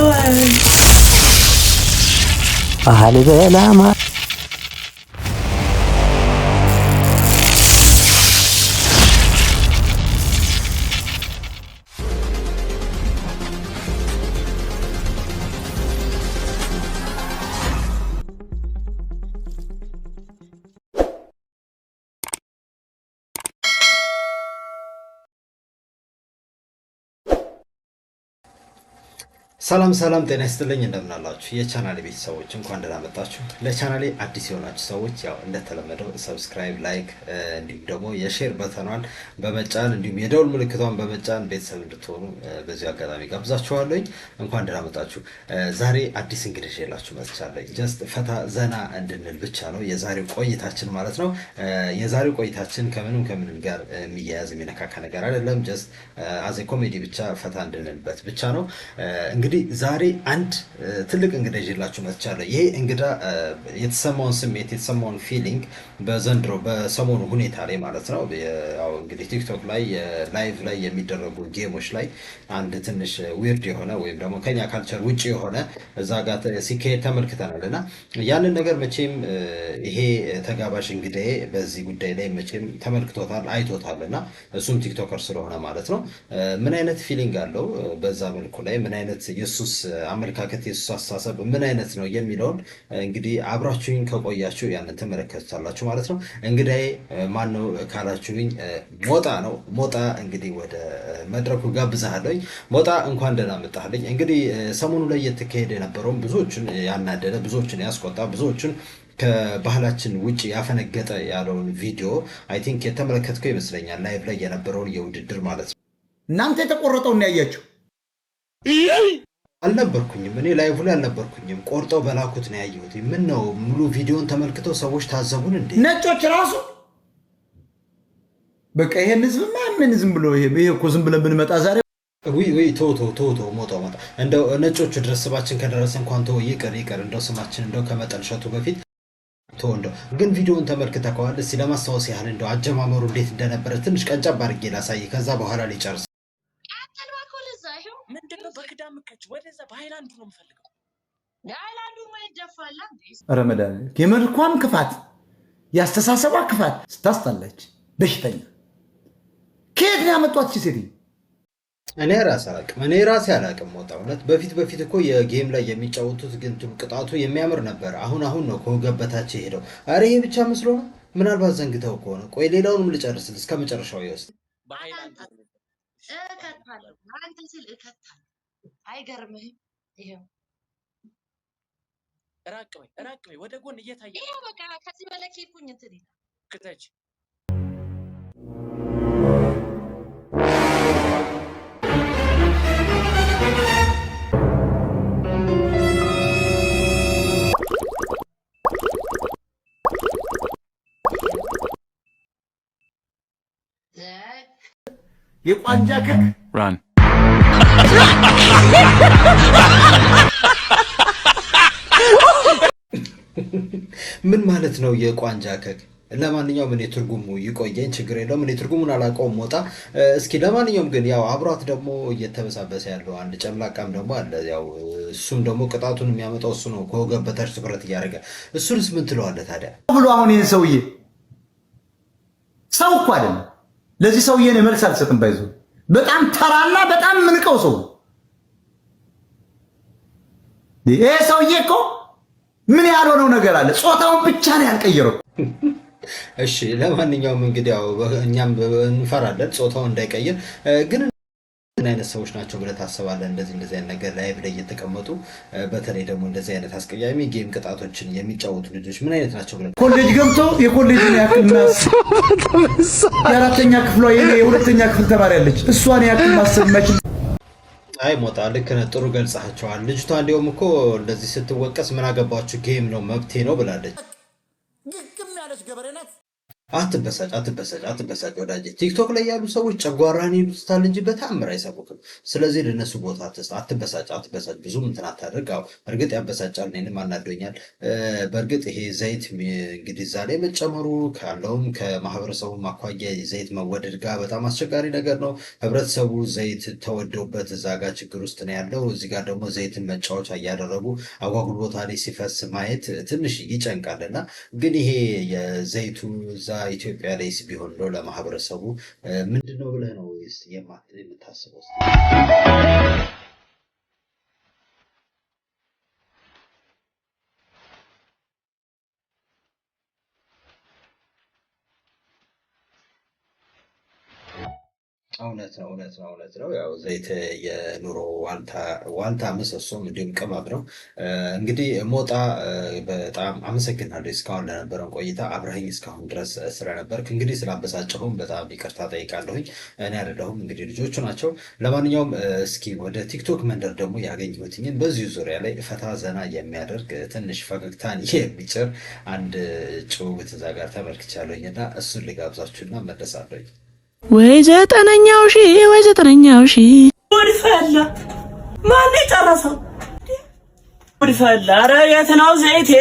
الهوان أهل بلا ما ሰላም ሰላም፣ ጤና ይስጥልኝ እንደምናላችሁ የቻናሌ ቤተሰቦች፣ እንኳን ደህና መጣችሁ። ለቻናሌ አዲስ የሆናችሁ ሰዎች ያው እንደተለመደው ሰብስክራይብ፣ ላይክ እንዲሁም ደግሞ የሼር በተኗን በመጫን እንዲሁም የደውል ምልክቷን በመጫን ቤተሰብ እንድትሆኑ በዚሁ አጋጣሚ ጋብዛችኋለኝ። እንኳን ደህና መጣችሁ። ዛሬ አዲስ እንግዲህ ይዤላችሁ መጥቻለሁ። ጀስት ፈታ ዘና እንድንል ብቻ ነው የዛሬው ቆይታችን ማለት ነው። የዛሬው ቆይታችን ከምንም ከምንም ጋር የሚያያዝ የሚነካካ ነገር አይደለም። ጀስት አዜ ኮሜዲ ብቻ ፈታ እንድንልበት ብቻ ነው። እንግዲህ ዛሬ አንድ ትልቅ እንግዳ ይዤላችሁ መጥቻለሁ። ይሄ እንግዳ የተሰማውን ስሜት የተሰማውን ፊሊንግ በዘንድሮ በሰሞኑ ሁኔታ ላይ ማለት ነው እንግዲህ ቲክቶክ ላይ ላይቭ ላይ የሚደረጉ ጌሞች ላይ አንድ ትንሽ ዊርድ የሆነ ወይም ደግሞ ከኛ ካልቸር ውጭ የሆነ እዛ ጋር ሲካሄድ ተመልክተናል እና ያንን ነገር መቼም ይሄ ተጋባዥ እንግዳዬ በዚህ ጉዳይ ላይ መቼም ተመልክቶታል፣ አይቶታል እና እሱም ቲክቶከር ስለሆነ ማለት ነው ምን አይነት ፊሊንግ አለው በዛ መልኩ ላይ ምን አይነት የሱስ አመለካከት የሱስ አስተሳሰብ ምን አይነት ነው የሚለውን እንግዲህ አብራችሁኝ ከቆያችሁ ያንን ትመለከቱታላችሁ ማለት ነው። እንግዲህ ማን ነው ካላችሁኝ ሞጣ ነው። ሞጣ እንግዲህ ወደ መድረኩ ጋብዛለኝ። ሞጣ እንኳን ደህና መጣህልኝ። እንግዲህ ሰሞኑ ላይ እየተካሄደ የነበረውም ብዙዎቹን ያናደደ፣ ብዙዎችን ያስቆጣ፣ ብዙዎቹን ከባህላችን ውጭ ያፈነገጠ ያለውን ቪዲዮ አይ ቲንክ የተመለከትከው ይመስለኛል። ላይቭ ላይ የነበረውን የውድድር ማለት ነው። እናንተ የተቆረጠውን ያያችሁ አልነበርኩኝም እኔ ላይቭ ላይ አልነበርኩኝም። ቆርጠው በላኩት ነው ያየሁት። ምን ነው ሙሉ ቪዲዮን ተመልክተው ሰዎች ታዘቡን እንዴ? ነጮች ራሱ በቃ ይሄን ህዝብ ማምን ዝም ብሎ ይሄ እኮ ዝም ብለን ብንመጣ ዛሬ ቶቶ ቶቶ ሞቶ ሞቶ እንደው ነጮቹ ድረስ ስማችን ከደረሰ እንኳን ቶ ይቅር ይቅር እንደው ስማችን እንደው ከመጠልሸቱ በፊት ቶ እንደው ግን ቪዲዮውን ተመልክተከዋል። ከዋል እስኪ ለማስታወስ ያህል እንደው አጀማመሩ እንዴት እንደነበረ ትንሽ ቀንጨብ አድርጌ ላሳይ ከዛ በኋላ ሊጨርስ ምንድነው በክዳ ምከች ወደዛ በሃይላንዱ ነው የምፈልገው። ለሃይላንዱ ይደፋላ። ረመዳ የመልኳም ክፋት የአስተሳሰቧ ክፋት ስታስታለች። በሽተኛ ከየት ነው ያመጧት ሴትዮ? እኔ ራሴ አላቅም። እኔ ራሴ አላቅም። ወጣ እውነት በፊት በፊት እኮ የጌም ላይ የሚጫወቱት ግን ቅጣቱ የሚያምር ነበር። አሁን አሁን ነው ከወገበታቸው የሄደው። አረ ይሄ ብቻ መስሎ ነው። ምናልባት ዘንግተው ከሆነ ቆይ ሌላውንም ልጨርስል እስከ መጨረሻው ይወስድ እከታለሁ አንተ ስል እከታለሁ። አይገርምህም? ይሄው ራቅ በይ ራቅ በይ ወደ ጎን እየታየ ይሄው በቃ ከዚህ በላይ ኬድኩኝ። እንትን ይላል ክተች የቋንጃ mm-hmm. ከክ ራን ምን ማለት ነው የቋንጃ ከክ? ለማንኛውም እኔ ትርጉሙ ይቆየኝ፣ ችግር የለውም። እኔ ትርጉሙን አላውቀውም። ሞጣ እስኪ ለማንኛውም ግን ያው አብሯት ደግሞ እየተበሳበሰ ያለው አንድ ጨምላቃም ደግሞ አለ። ያው እሱም ደግሞ ቅጣቱን የሚያመጣው እሱ ነው፣ ከወገብ በታች ትኩረት እያደረገ እሱንስ ምን ትለዋለህ ታዲያ ብሎ አሁን ይህን ሰውዬ ሰው እኮ አይደለም ለዚህ ሰውዬ እኔ መልስ አልሰጥም። ባይዞ በጣም ተራና በጣም ምንቀው ሰው ይሄ ሰውዬ እኮ ምን ያልሆነው ነገር አለ? ጾታውን ብቻ ነው ያልቀየረው። እሺ ለማንኛውም እንግዲህ ያው እኛም እንፈራለን ጾታውን እንዳይቀይር ግን ምን አይነት ሰዎች ናቸው ብለህ ታስባለህ? እንደዚህ እንደዚህ አይነት ነገር ላይ ብለህ እየተቀመጡ በተለይ ደግሞ እንደዚህ አይነት አስቀያሚ ጌም ቅጣቶችን የሚጫወቱ ልጆች ምን አይነት ናቸው ብለህ ኮሌጅ ገብቶ የኮሌጅን ያክል ማሰብ የአራተኛ ክፍሏ የሁለተኛ ክፍል ተማሪ ያለች እሷን ያክል ማሰብ መች አይ ሞጣ ልክ ነህ። ጥሩ ገልጸሃቸዋል። ልጅቷ እንዲሁም እኮ እንደዚህ ስትወቀስ ምን አገባችሁ ጌም ነው መብቴ ነው ብላለች። ግግም ያለች ገበሬ ናት። አትበሳጭ አትበሳጭ አትበሳጭ ወዳጄ። ቲክቶክ ላይ ያሉ ሰዎች ጨጓራን ይሉታል እንጂ በተአምር አይሰቡክም። ስለዚህ ለነሱ ቦታ አትስጥ። አትበሳጭ አትበሳጭ፣ ብዙም እንትን አታደርግ። አዎ በእርግጥ ያበሳጫል፣ እኔንም አናዶኛል። በእርግጥ ይሄ ዘይት እንግዲህ እዛ ላይ መጨመሩ ካለውም ከማህበረሰቡ አኳያ ዘይት መወደድ ጋር በጣም አስቸጋሪ ነገር ነው። ህብረተሰቡ ዘይት ተወደውበት እዛ ጋር ችግር ውስጥ ነው ያለው። እዚህ ጋር ደግሞ ዘይትን መጫወቻ እያደረጉ አጓጉል ቦታ ላይ ሲፈስ ማየት ትንሽ ይጨንቃል። እና ግን ይሄ የዘይቱ እዛ ኢትዮጵያ ላይስ ቢሆን ነው ለማህበረሰቡ ምንድን ነው ብለህ ነው የምታስበው? እውነት ነው፣ እውነት ነው፣ እውነት ነው። ያው ዘይት የኑሮ ዋልታ ምሰሶም እንዲሁም ቅመም ነው። እንግዲህ ሞጣ በጣም አመሰግናለሁ እስካሁን ለነበረን ቆይታ አብረኸኝ እስካሁን ድረስ ስለነበርክ። እንግዲህ ስላበሳጨሁም በጣም ይቅርታ ጠይቃለሁኝ። እኔ አይደለሁም እንግዲህ ልጆቹ ናቸው። ለማንኛውም እስኪ ወደ ቲክቶክ መንደር ደግሞ ያገኘሁትኝን በዚሁ ዙሪያ ላይ ፈታ ዘና የሚያደርግ ትንሽ ፈገግታን የሚጭር አንድ ጭውውት እዛ ጋር ተመልክቻለሁኝ እና እሱን ልጋብዛችሁና መለሳለሁኝ። ወይ ዘጠነኛው ሺ ወይ ዘጠነኛው ሺ ወድፈላ ማን የጨረሰው ወድፈላ። የት ነው ዘይቴ?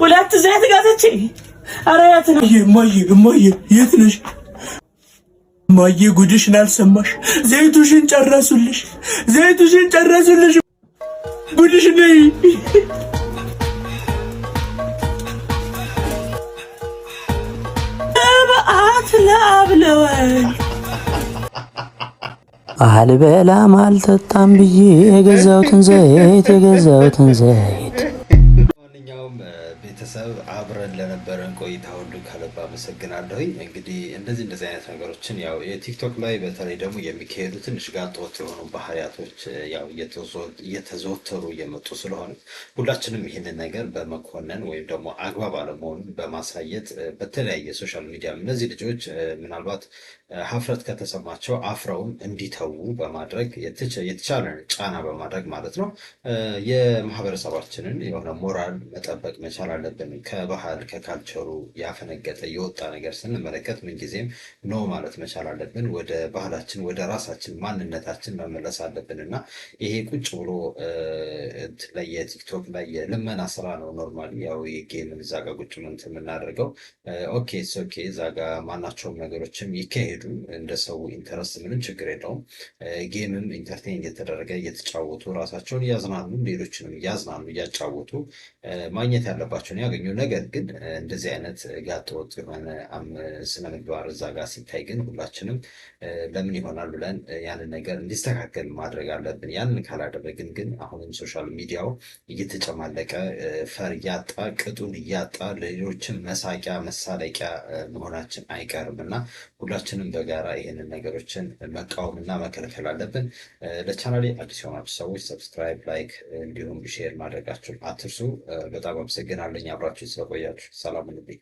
ሁለት ዘይት ገዝቼ ኧረ የት ነው እማዬ? እማዬ የት ነሽ እማዬ? ጉድሽን አልሰማሽ? ዘይቱሽን ጨረሱልሽ፣ ዘይቱሽን ጨረሱልሽ። ጉድሽ ነይ ነዋል አልበላም አልጠጣም ብዬ የገዛሁትን ዘይት የገዛሁትን ዘይት ቤተሰብ አብረን ለነበረን ቆይታ ሁሉ ከልብ አመሰግናለሁኝ። እንግዲህ እንደዚህ እንደዚህ አይነት ነገሮችን ያው የቲክቶክ ላይ በተለይ ደግሞ የሚካሄዱ ትንሽ ጋልጦት የሆኑ ባህሪያቶች ያው እየተዘወተሩ እየመጡ ስለሆነ ሁላችንም ይህንን ነገር በመኮነን ወይም ደግሞ አግባብ አለመሆኑን በማሳየት በተለያየ ሶሻል ሚዲያ እነዚህ ልጆች ምናልባት ሀፍረት ከተሰማቸው አፍረውም እንዲተዉ በማድረግ የተቻለን ጫና በማድረግ ማለት ነው የማህበረሰባችንን የሆነ ሞራል መጠበቅ መቻል አለ አለብን። ከባህል ከካልቸሩ ያፈነገጠ የወጣ ነገር ስንመለከት ምንጊዜም ኖ ማለት መቻል አለብን። ወደ ባህላችን ወደ ራሳችን ማንነታችን መመለስ አለብን እና ይሄ ቁጭ ብሎ ላይ የቲክቶክ ላይ የልመና ስራ ነው። ኖርማል ያው ጌም እዛ ጋ ቁጭ ምንት የምናደርገው ኦኬ ኦኬ፣ እዛ ጋ ማናቸውም ነገሮችም ይካሄዱ እንደ ሰው ኢንተረስት ምንም ችግር የለውም። ጌምም ኢንተርቴን እየተደረገ እየተጫወቱ ራሳቸውን እያዝናኑ ሌሎችንም እያዝናኑ እያጫወቱ ማግኘት ያለባቸው ነው ያገኘው። ነገር ግን እንደዚህ አይነት ጋጠወጥ የሆነ ስነምግባር እዛ ጋር ሲታይ ግን ሁላችንም ለምን ይሆናል ብለን ያንን ነገር እንዲስተካከል ማድረግ አለብን። ያንን ካላደረግን ግን አሁንም ሶሻል ሚዲያው እየተጨማለቀ ፈር እያጣ ቅጡን እያጣ ሌሎችን መሳቂያ መሳለቂያ መሆናችን አይቀርም እና ሁላችንም በጋራ ይህንን ነገሮችን መቃወም እና መከልከል አለብን። ለቻናሌ አዲስ የሆናችሁ ሰዎች ሰብስክራይብ፣ ላይክ እንዲሁም ሼር ማድረጋችሁን አትርሱ። በጣም አመሰግናለኝ። አብራችሁ ስለቆያችሁ ሰላም ልብኝ።